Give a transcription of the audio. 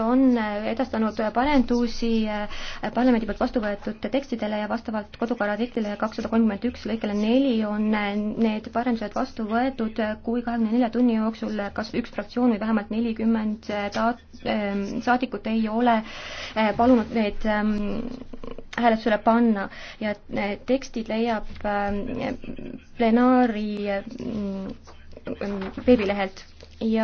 on äh, edastanud parendusi äh, parlamendi poolt vastu võetud tekstidele ja vastavalt kodukorra artiklile kakssada kolmkümmend üks lõikele neli on äh, need parendused vastu võetud, kui kahekümne nelja tunni jooksul kas üks fraktsioon või vähemalt nelikümmend ähm, saadikut ei ole palunud neid ähm, hääletusele panna ja tekstid leiab ähm, plenaari mm, veebilehelt ja